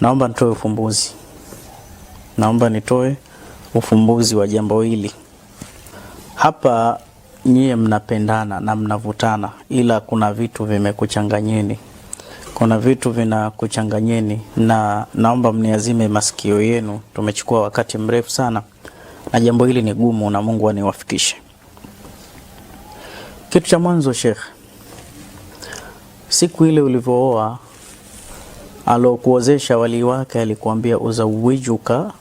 Naomba nitoe ufumbuzi, naomba nitoe ufumbuzi wa jambo hili. Hapa nyie mnapendana na mnavutana, ila kuna vitu vimekuchanganyeni, kuna vitu vinakuchanganyeni, na naomba mniazime masikio yenu. Tumechukua wakati mrefu sana na jambo hili ni gumu, na Mungu aniwafikishe. Kitu cha mwanzo, Sheikh, siku ile ulivyooa alokuozesha walii wake alikuambia, uzawijuka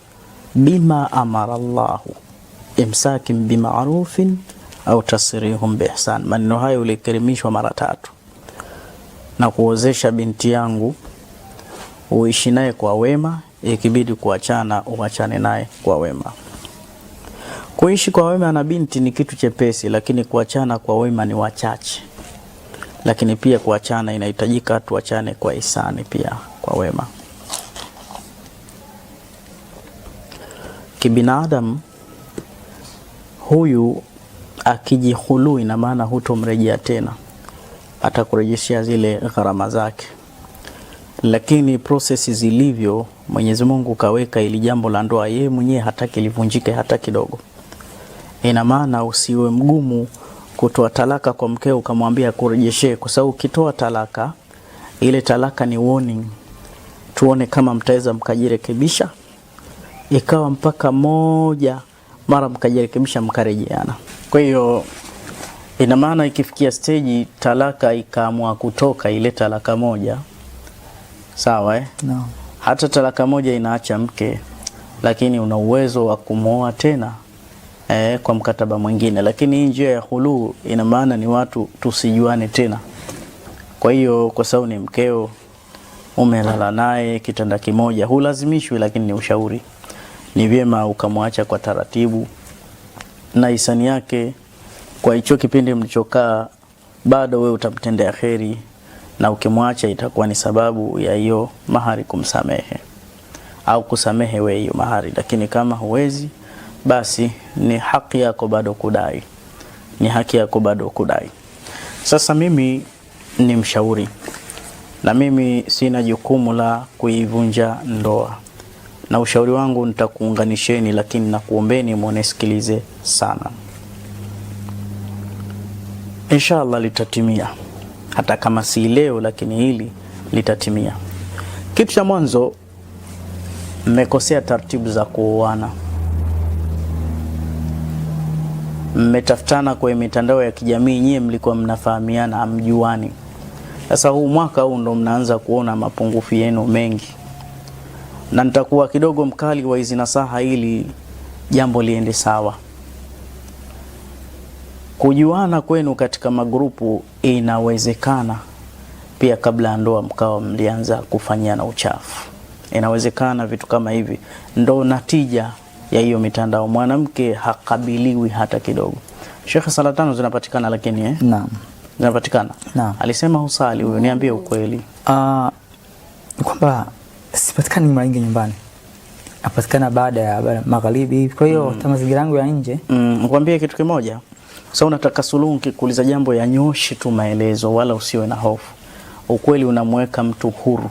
bima amara llahu imsakin bimarufin au tasrihum bihsan Maneno hayo ulikirimishwa mara tatu, na kuozesha binti yangu uishi naye kwa wema, ikibidi kuachana uachane naye kwa wema. Kuishi kwa wema na binti ni kitu chepesi, lakini kuachana kwa wema ni wachache lakini pia kuachana inahitajika, tuachane kwa hisani pia kwa wema. Kibinadamu huyu akijihulu, ina maana hutomrejea tena, atakurejeshea zile gharama zake, lakini prosesi zilivyo, Mwenyezi Mungu kaweka ili jambo la ndoa, yeye mwenyewe hataki livunjike hata kidogo. Ina maana usiwe mgumu kutoa talaka kwa mkeo ukamwambia kurejeshee, kwa sababu ukitoa talaka ile talaka ni warning, tuone kama mtaweza mkajirekebisha. Ikawa mpaka moja mara mkajirekebisha, mkarejeana. Kwa hiyo ina maana ikifikia steji talaka ikaamua kutoka ile talaka moja, sawa eh? No. hata talaka moja inaacha mke, lakini una uwezo wa kumwoa tena eh, kwa mkataba mwingine. Lakini hii njia ya hulu ina maana ni watu tusijuane tena. Kwa hiyo kwa sababu ni mkeo, umelala naye kitanda kimoja, hulazimishwi, lakini ni ushauri, ni vyema ukamwacha kwa taratibu na hisani yake kwa hicho kipindi mlichokaa, bado we utamtendea kheri, na ukimwacha itakuwa ni sababu ya hiyo mahari kumsamehe au kusamehe we hiyo mahari, lakini kama huwezi basi ni haki yako bado kudai, ni haki yako bado kudai. Sasa mimi ni mshauri na mimi sina jukumu la kuivunja ndoa, na ushauri wangu nitakuunganisheni, lakini nakuombeni mwonisikilize sana. Inshallah litatimia, hata kama si leo, lakini hili litatimia. Kitu cha mwanzo, mmekosea taratibu za kuoana. mmetafutana kwenye mitandao ya kijamii, nyie mlikuwa mnafahamiana, amjuani. Sasa huu mwaka huu ndo mnaanza kuona mapungufu yenu mengi, na nitakuwa kidogo mkali wa hizi nasaha ili jambo liende sawa. Kujuana kwenu katika magrupu inawezekana pia kabla ya ndoa mkawa mlianza kufanyana uchafu, inawezekana vitu kama hivi ndo natija ya hiyo mitandao, mwanamke hakabiliwi hata kidogo. Shekhe, sala tano zinapatikana lakini eh? Naam. Zinapatikana. Naam. Alisema husali huyo, niambie ukweli. Ah, kwamba sipatikani mara nyingi nyumbani. Napatikana baada ya magharibi. Kwa hiyo mm. mazingira yangu ya nje. Mm, nikwambie kitu kimoja. Sasa so, unataka suluhu kuuliza jambo ya nyoshi tu maelezo wala usiwe na hofu. Ukweli unamweka mtu huru.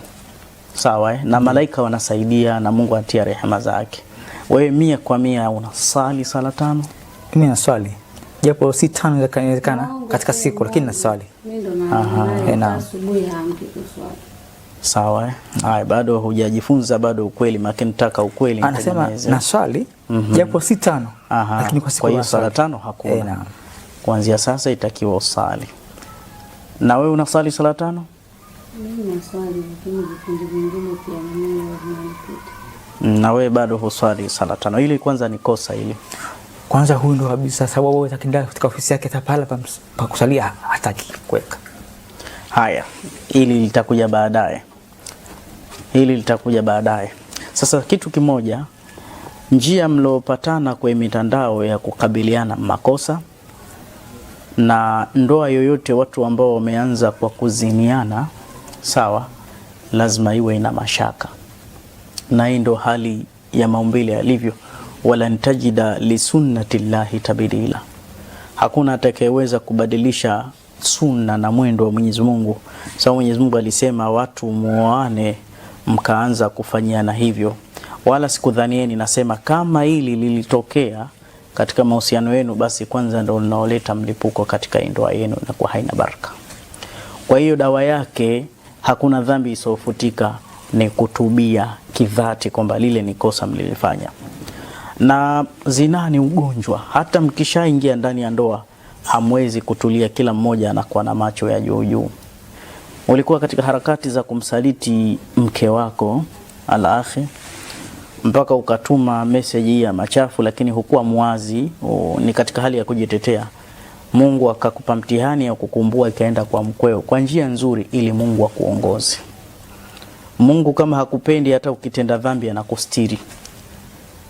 Sawa eh? Na mm. malaika wanasaidia na Mungu atia rehema zake. Wewe mia kwa mia unasali sala tano? Mimi naswali japo si tano, inawezekana katika siku, lakini naswali. Eh, Sawa, eh. ay, bado hujajifunza bado ukweli, maana nataka ukweli. Anasema naswali mhm. japo si tano, lakini kwa siku. Kwa hiyo sala tano hakuna. Eh, kuanzia sasa itakiwa usali. Na wewe unasali sala tano? Mimi naswali, lakini vipindi vingine pia mimi na wewe bado huswali sala tano. Ili kwanza ni kosa ili Kwanza huyu ndo kabisa sababu wewe utakinda katika ofisi yake tapala pa kusalia hataki kuweka. Haya, ili litakuja baadaye. Hili litakuja baadaye. Sasa kitu kimoja, njia mliopatana kwenye mitandao ya kukabiliana makosa na ndoa yoyote, watu ambao wameanza kwa kuziniana, sawa, lazima iwe ina mashaka na hii ndo hali ya maumbile yalivyo. Walan tajida lisunnati llahi tabdila, hakuna atakayeweza kubadilisha sunna na mwendo wa Mwenyezi Mungu, sababu Mwenyezi Mungu alisema watu muoane mkaanza kufanyiana hivyo, wala sikudhanieni nasema kama hili lilitokea katika mahusiano yenu, basi kwanza ndo linaoleta mlipuko katika ndoa yenu na kwa haina baraka. Kwa hiyo dawa yake hakuna dhambi isofutika ni kutubia kidhati kwamba lile ni kosa mlilifanya. Na zinaa ni ugonjwa, hata mkishaingia ndani ya ndoa hamwezi kutulia, kila mmoja anakuwa na macho ya juu juu. Ulikuwa katika harakati za kumsaliti mke wako alakhi, mpaka ukatuma meseji ya machafu, lakini hukuwa mwazi, ni katika hali ya kujitetea. Mungu akakupa mtihani ya kukumbua, ikaenda kwa mkweo kwa njia nzuri, ili Mungu akuongoze. Mungu kama hakupendi hata ukitenda dhambi anakustiri.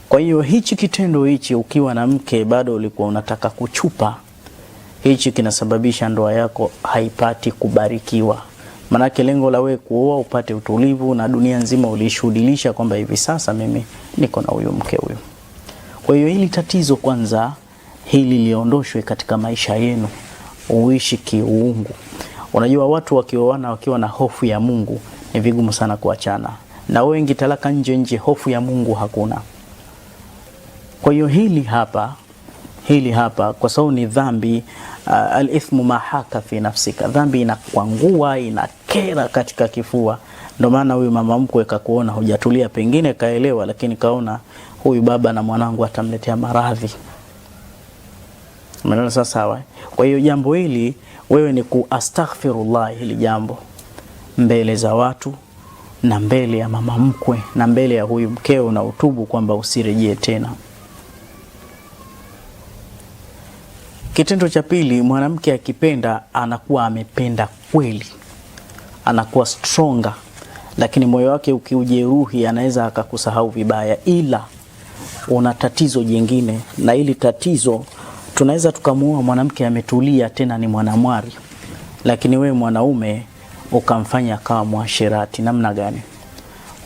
Kwa hiyo hichi kitendo hichi, ukiwa na mke bado ulikuwa unataka kuchupa, hichi kinasababisha ndoa yako haipati kubarikiwa. Manake lengo la wewe kuoa upate utulivu, na dunia nzima ulishuhudilisha kwamba hivi sasa mimi niko na huyu mke huyu. Kwa hiyo hili tatizo kwanza hili liondoshwe katika maisha yenu, uishi kiuungu. Unajua watu wakioana wakiwa na hofu ya Mungu ni vigumu sana kuachana na wengi, talaka nje nje, hofu ya Mungu hakuna. Kwa hiyo hili hapa hili hapa kwa sababu ni dhambi. Uh, alithmu mahaka fi nafsika, dhambi inakwangua inakera katika kifua. Ndio maana huyu mama mkwe kakuona hujatulia, pengine kaelewa, lakini kaona huyu baba na mwanangu atamletea maradhi. Umeona sasa? Sawa. Kwa hiyo jambo hili wewe ni kuastaghfirullah, hili jambo mbele za watu na mbele ya mama mkwe na mbele ya huyu mkeo, na utubu kwamba usirejee tena. Kitendo cha pili, mwanamke akipenda anakuwa amependa kweli, anakuwa stronger, lakini moyo wake ukiujeruhi, anaweza akakusahau vibaya, ila una tatizo jingine, na hili tatizo tunaweza tukamuua mwanamke ametulia, tena ni mwanamwari, lakini we mwanaume ukamfanya akawa mwasherati namna gani?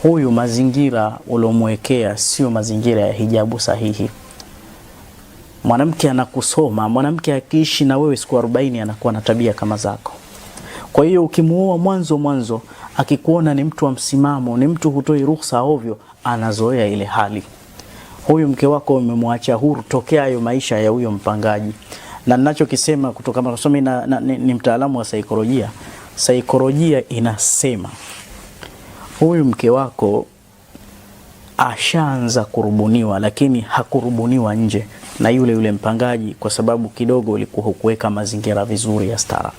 Huyu mazingira uliomwekea sio mazingira ya hijabu sahihi. Mwanamke anakusoma, mwanamke akiishi na wewe siku arobaini anakuwa na tabia kama zako. Kwa hiyo ukimuoa mwanzo mwanzo, akikuona ni mtu wa msimamo, ni mtu hutoi ruhusa ovyo, anazoea ile hali. Huyu mke wako umemwacha huru tokea hayo maisha ya huyo mpangaji, na ninachokisema kutoka masomo, ni mtaalamu wa saikolojia saikolojia inasema huyu mke wako ashaanza kurubuniwa, lakini hakurubuniwa nje na yule yule mpangaji, kwa sababu kidogo ulikuwa hukuweka mazingira vizuri ya stara,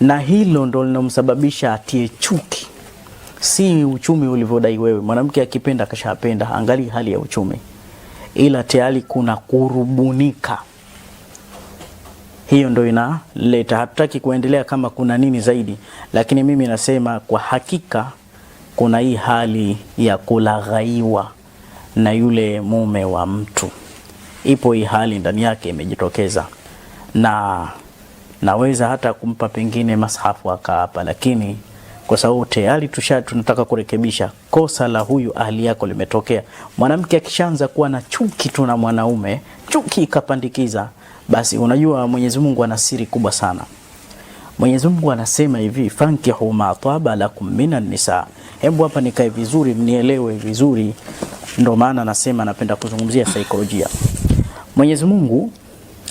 na hilo ndo linomsababisha atie chuki. Si uchumi ulivyodai wewe. Mwanamke akipenda kashapenda, angalii hali ya uchumi, ila tayari kuna kurubunika hiyo ndo inaleta, hatutaki kuendelea kama kuna nini zaidi, lakini mimi nasema kwa hakika kuna hii hali ya kulaghaiwa na yule mume wa mtu, ipo hii hali ndani yake imejitokeza, na naweza hata kumpa pengine mashafu akaapa, lakini kwa sababu tayari tusha tunataka kurekebisha kosa la huyu ahli yako limetokea. Mwanamke akishaanza kuwa na chuki tu na mwanaume, chuki ikapandikiza basi unajua Mwenyezi Mungu ana siri kubwa sana. Mwenyezi Mungu anasema hivi, fankihu ma taba lakum minan nisa. Hebu hapa nikae vizuri, mnielewe vizuri, ndio maana nasema napenda kuzungumzia saikolojia. Mwenyezi Mungu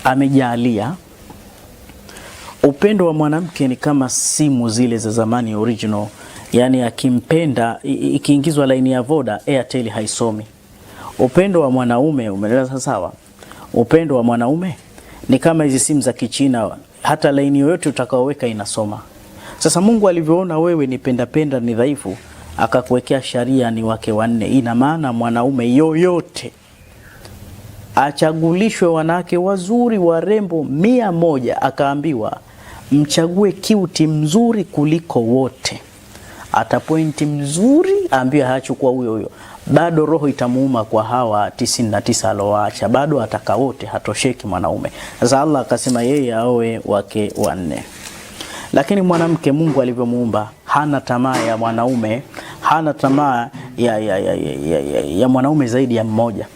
amejalia upendo wa mwanamke ni kama simu zile za zamani original, yani akimpenda, ikiingizwa laini ya Voda, Airtel haisomi. Upendo wa mwanaume, umeelewa sawa? Upendo wa mwanaume ni kama hizi simu za Kichina, hata laini yoyote utakaoweka inasoma. Sasa Mungu alivyoona wewe ni penda penda ni dhaifu, akakuwekea sharia ni wake wanne. Ina maana mwanaume yoyote achagulishwe wanawake wazuri warembo mia moja, akaambiwa mchague kiuti mzuri kuliko wote, ata pointi mzuri, aambiwe hachukua huyo huyo, bado roho itamuuma kwa hawa tisini na tisa alowaacha, bado ataka wote, hatosheki mwanaume. Sasa Allah akasema yeye aoe wake wanne. Lakini mwanamke Mungu alivyomuumba hana tamaa ya mwanaume, hana tamaa ya, ya, ya, ya, ya, ya mwanaume zaidi ya mmoja.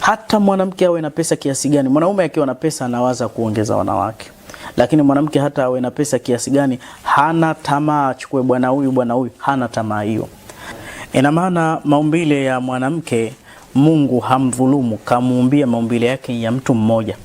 Hata mwanamke awe na pesa kiasi gani, mwanaume akiwa na pesa anawaza kuongeza wanawake lakini mwanamke hata awe na pesa kiasi gani, hana tamaa achukue bwana huyu bwana huyu, hana tamaa hiyo. Ina maana maumbile ya mwanamke Mungu hamdhulumu, kamuumbia maumbile yake ya mtu mmoja.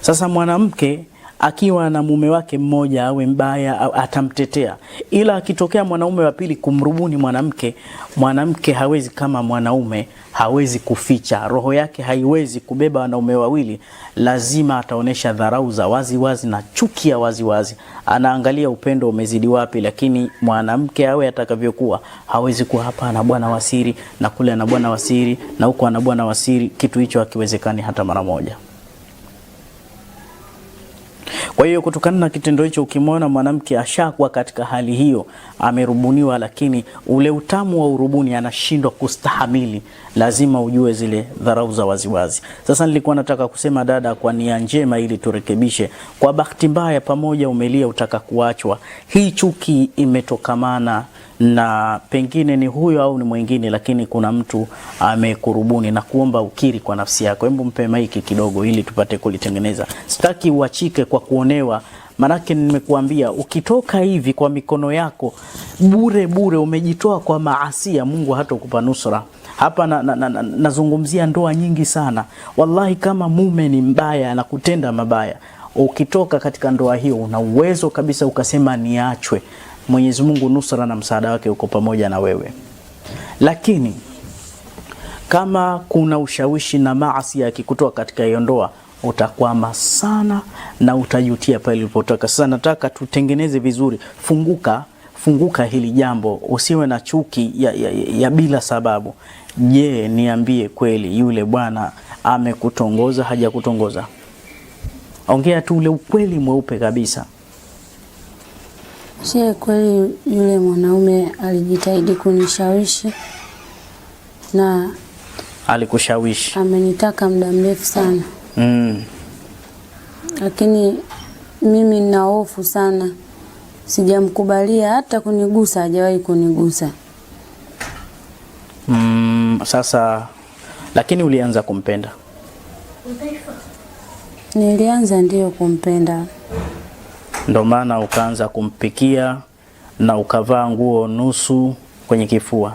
Sasa mwanamke akiwa na mume wake mmoja awe mbaya atamtetea, ila akitokea mwanaume wa pili kumrubuni mwanamke, mwanamke hawezi kama mwanaume, hawezi kuficha roho yake, haiwezi kubeba wanaume wawili. Lazima ataonesha dharau za wazi wazi na chuki ya wazi wazi, anaangalia upendo umezidi wapi. Lakini mwanamke awe atakavyokuwa, hawezi kuwa hapa ana bwana wasiri na kule ana bwana wasiri na huko ana bwana wasiri. Kitu hicho hakiwezekani hata mara moja. Kwa hiyo kutokana na kitendo hicho, ukimwona mwanamke ashakuwa katika hali hiyo, amerubuniwa, lakini ule utamu wa urubuni anashindwa kustahamili, lazima ujue zile dharau za waziwazi. Sasa nilikuwa nataka kusema dada, kwa nia njema ili turekebishe, kwa bahati mbaya pamoja umelia utaka kuachwa. Hii chuki imetokamana na pengine ni huyo au ni mwingine, lakini kuna mtu amekurubuni na kuomba ukiri kwa nafsi yako, hebu mpe maiki kidogo ili tupate kulitengeneza. Sitaki uachike kwa kuonewa, manake nimekuambia ukitoka hivi kwa mikono yako bure bure, umejitoa kwa maasia, Mungu hatakupa nusura. Hapa nazungumzia na, na, na ndoa nyingi sana wallahi. Kama mume ni mbaya na kutenda mabaya, ukitoka katika ndoa hiyo, una uwezo kabisa ukasema niachwe. Mwenyezi Mungu nusra na msaada wake uko pamoja na wewe, lakini kama kuna ushawishi na maasi yakikutoa katika hiyo ndoa utakwama sana na utajutia pale ulipotoka. Sasa nataka tutengeneze vizuri, funguka funguka hili jambo, usiwe na chuki ya, ya, ya bila sababu. Je, niambie kweli, yule bwana amekutongoza hajakutongoza? Ongea tu ule ukweli mweupe kabisa. Je, kweli yule mwanaume alijitahidi kunishawishi na alikushawishi? Amenitaka muda mrefu sana mm. Lakini mimi nina hofu sana, sijamkubalia hata kunigusa, hajawahi kunigusa mm. Sasa lakini ulianza kumpenda? Nilianza ndiyo kumpenda ndio maana ukaanza kumpikia na ukavaa nguo nusu kwenye kifua.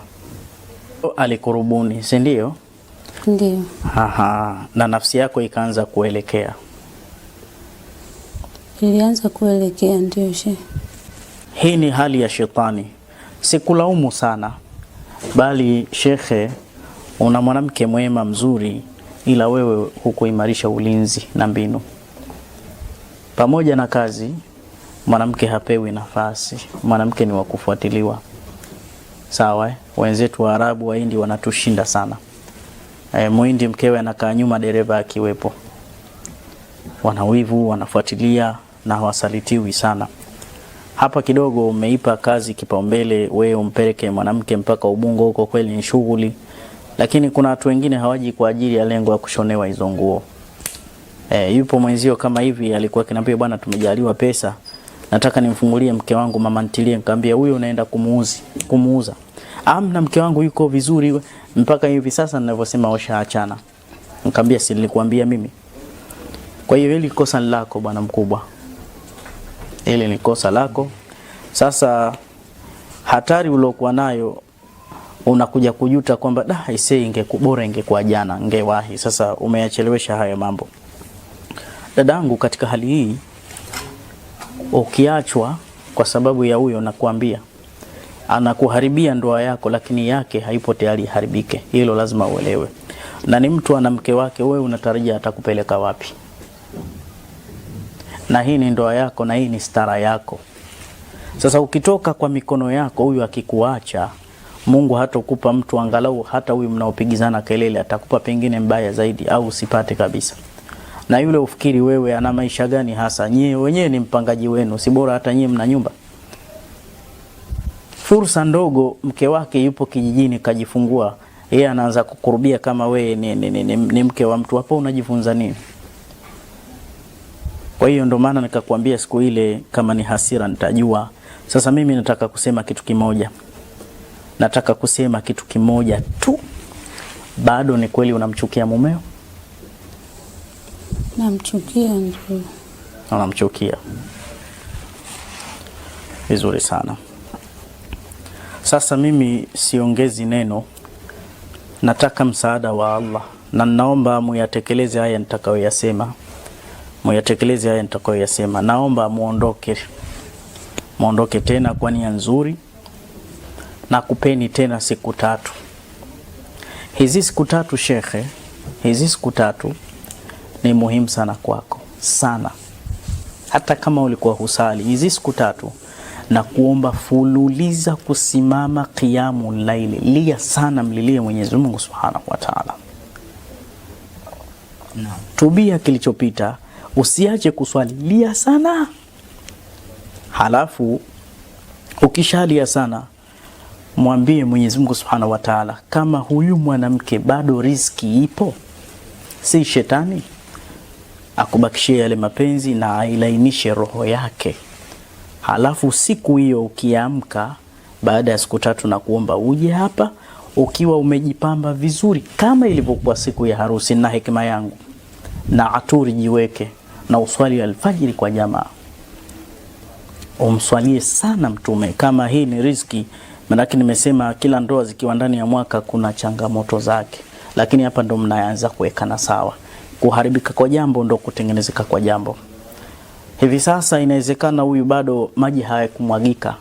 Alikurubuni, si ndio? Ndio. Aha, na nafsi yako ikaanza kuelekea. Ilianza kuelekea, ndio she. Hii ni hali ya shetani. Sikulaumu sana, bali shekhe, una mwanamke mwema mzuri, ila wewe hukuimarisha ulinzi na mbinu pamoja na kazi mwanamke hapewi nafasi, mwanamke ni wa kufuatiliwa. Sawa, eh? wenzetu wa Arabu, Wahindi wanatushinda sana. E, Muhindi mkewe anakaa nyuma, dereva akiwepo, wanawivu wanafuatilia na hawasalitiwi sana. Hapa kidogo umeipa kazi kipaumbele, wewe umpeleke mwanamke mpaka Ubungo huko, kweli ni shughuli, lakini kuna watu wengine hawaji kwa ajili ya lengo la kushonewa hizo nguo. E, yupo mwenzio kama hivi alikuwa kinaambia, bwana tumejaliwa pesa nataka nimfungulie mke wangu mama ntilie. Nikamwambia huyo unaenda kumuuzi kumuuza? Amna, mke wangu yuko vizuri mpaka hivi sasa ninavyosema, washaachana. Nikamwambia si nilikwambia mimi. Kwa hiyo hili kosa lako bwana mkubwa, hili ni kosa lako. Sasa hatari uliokuwa nayo unakuja kujuta kwamba da ise ingekubora ingekuwa jana, ngewahi. Sasa umeyachelewesha hayo mambo, dadangu. Katika hali hii Ukiachwa kwa sababu ya huyo, nakwambia anakuharibia ndoa yako, lakini yake haipo tayari iharibike. Hilo lazima uelewe. Na ni mtu ana mke wake, wewe unatarajia atakupeleka wapi? Na hii ni ndoa yako, na hii ni stara yako. Sasa ukitoka kwa mikono yako, huyu akikuacha, Mungu hatakupa mtu angalau hata huyu mnaopigizana kelele, atakupa pengine mbaya zaidi, au usipate kabisa na yule ufikiri wewe ana maisha gani hasa? Nyie wenyewe ni mpangaji wenu, si bora hata nyie mna nyumba. Fursa ndogo, mke wake yupo kijijini kajifungua, yeye anaanza kukurubia kama wewe ni, ni, ni, ni, ni mke wa mtu. Hapo unajifunza nini? Kwa hiyo ndo maana nikakwambia siku ile, kama ni hasira nitajua. Sasa mimi nataka kusema kitu kimoja, nataka kusema kitu kimoja tu. Bado ni kweli unamchukia mumeo? Namchukia ndio. Unamchukia vizuri sana. Sasa mimi siongezi neno, nataka msaada wa Allah na naomba muyatekeleze haya nitakayoyasema, muyatekeleze haya nitakayoyasema. Naomba muondoke, muondoke tena kwa nia nzuri, na kupeni tena siku tatu. Hizi siku tatu shekhe, hizi siku tatu ni muhimu sana kwako sana, hata kama ulikuwa husali hizi siku tatu na kuomba fululiza kusimama qiyamu laili, lia sana, mlilie Mwenyezi Mungu Subhanahu wa Ta'ala. No. Tubia kilichopita, usiache kuswali, lia sana. Halafu ukishalia sana, mwambie Mwenyezi Mungu Subhanahu wa Ta'ala, kama huyu mwanamke bado riski ipo, si shetani akubakishie yale mapenzi na ailainishe roho yake. Halafu siku hiyo ukiamka, baada ya siku tatu, na kuomba uje hapa ukiwa umejipamba vizuri kama ilivyokuwa siku ya harusi, na hekima yangu na aturi jiweke na uswali alfajiri kwa jamaa, umswalie sana Mtume kama hii ni riziki. Manake nimesema kila ndoa zikiwa ndani ya mwaka kuna changamoto zake, lakini hapa ndo mnaanza kuwekana sawa kuharibika kwa jambo ndo kutengenezeka kwa jambo. Hivi sasa inawezekana huyu bado maji hayakumwagika,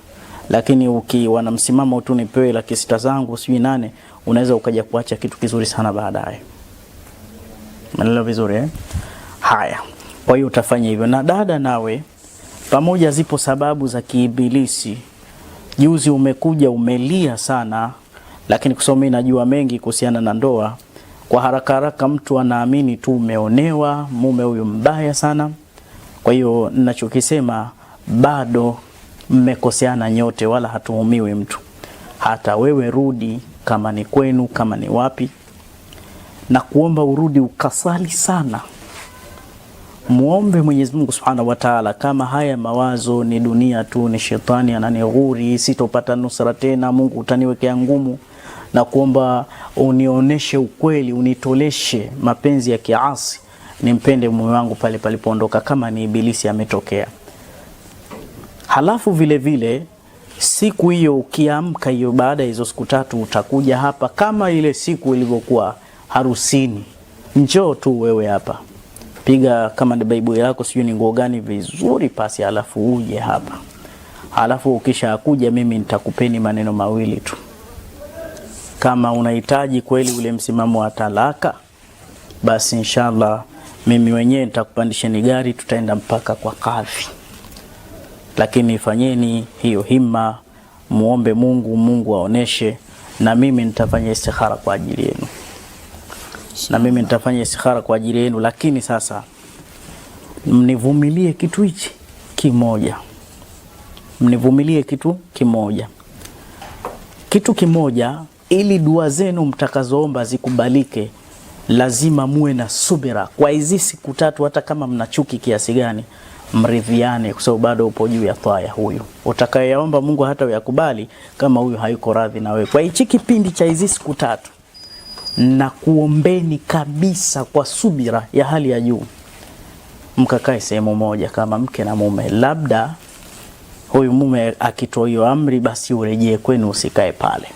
lakini ukiwa na msimamo tu, nipewe laki sita zangu sijui nane, unaweza ukaja kuacha kitu kizuri sana baadaye. Maneno vizuri eh? Haya, kwa hiyo utafanya hivyo. Na dada, nawe pamoja, zipo sababu za kiibilisi. Juzi umekuja umelia sana, lakini kusoma, najua mengi kuhusiana na ndoa kwa haraka haraka mtu anaamini tu umeonewa, mume huyu mbaya sana. Kwa hiyo ninachokisema bado mmekoseana nyote, wala hatuhumiwi mtu. Hata wewe rudi, kama ni kwenu, kama ni wapi, na kuomba urudi ukasali sana, muombe Mwenyezi Mungu Subhanahu wa Ta'ala, kama haya mawazo ni dunia tu, ni shetani ananighuri, sitopata nusra tena, Mungu utaniwekea ngumu na kuomba unionyeshe ukweli, unitoleshe mapenzi ya kiasi, nimpende mume wangu pale palipoondoka, kama ni Ibilisi ametokea. Halafu vile vile siku hiyo ukiamka, hiyo baada ya hizo siku tatu, utakuja hapa kama ile siku ilivyokuwa harusini. Njoo tu wewe hapa, piga kama ni baibu yako, sijui ni nguo gani, vizuri pasi, halafu uje hapa, halafu ukisha kuja, mimi nitakupeni maneno mawili tu kama unahitaji kweli ule msimamo wa talaka, basi inshallah mimi wenyewe ni gari, tutaenda mpaka kwa kadhi. Lakini fanyeni hiyo himma, muombe Mungu, Mungu aoneshe, na mimi nitafanya istikhara kwa ajili yenu, na mimi nitafanya istikhara kwa ajili yenu. Lakini sasa mnivumilie kitu hichi kimoja, mnivumilie kitu kimoja, kitu kimoja ili dua zenu mtakazoomba zikubalike, lazima muwe na subira kwa hizi siku tatu, hata kama mnachuki kiasi gani mridhiane kwa sababu bado upo juu ya toa ya huyu utakayeomba Mungu hata uyakubali kama huyu hayuko radhi na wewe. Kwa hichi kipindi cha hizi siku tatu, na kuombeni kabisa kwa subira ya hali ya juu, mkakae sehemu moja kama mke na mume. Labda huyu mume akitoa hiyo amri, basi urejee kwenu, usikae pale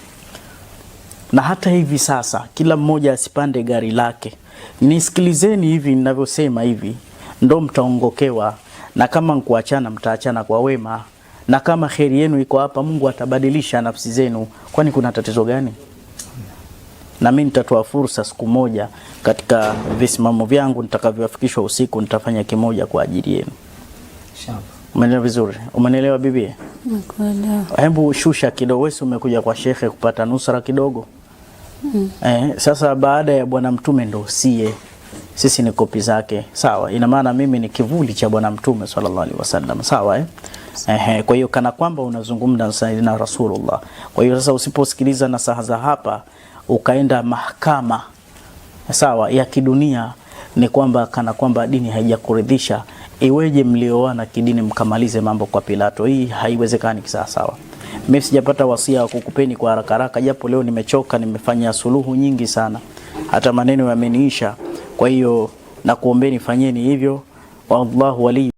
na hata hivi sasa kila mmoja asipande gari lake. Nisikilizeni hivi ninavyosema hivi, ndo mtaongokewa, na kama nkuachana, mtaachana kwa wema, na kama kheri yenu iko hapa, Mungu atabadilisha nafsi zenu. Kwani kuna tatizo gani? Na mimi nitatoa fursa siku moja katika visimamo vyangu nitakavyowafikishwa usiku, nitafanya kimoja kwa ajili yenu. Umeelewa vizuri? Umeelewa bibi? Hebu shusha kidogo, wewe umekuja kwa shekhe kupata nusra kidogo mm. Eh, sasa baada ya Bwana Mtume ndo sie sisi ni kopi zake, sawa. Ina maana mimi ni kivuli cha Bwana Mtume sallallahu alaihi wasallam, sawa eh? Ehe, kwa hiyo kana kwamba unazungumza na Rasulullah. Kwa hiyo sasa usiposikiliza nasaha za hapa ukaenda mahakama sawa ya kidunia, ni kwamba kana kwamba dini haijakuridhisha. Iweje mlioana kidini mkamalize mambo kwa Pilato? Hii haiwezekani sawa. Mimi sijapata wasia wa kukupeni kwa haraka haraka, japo leo nimechoka, nimefanya suluhu nyingi sana, hata maneno yameniisha. Kwa hiyo nakuombeni fanyeni hivyo, wallahu wali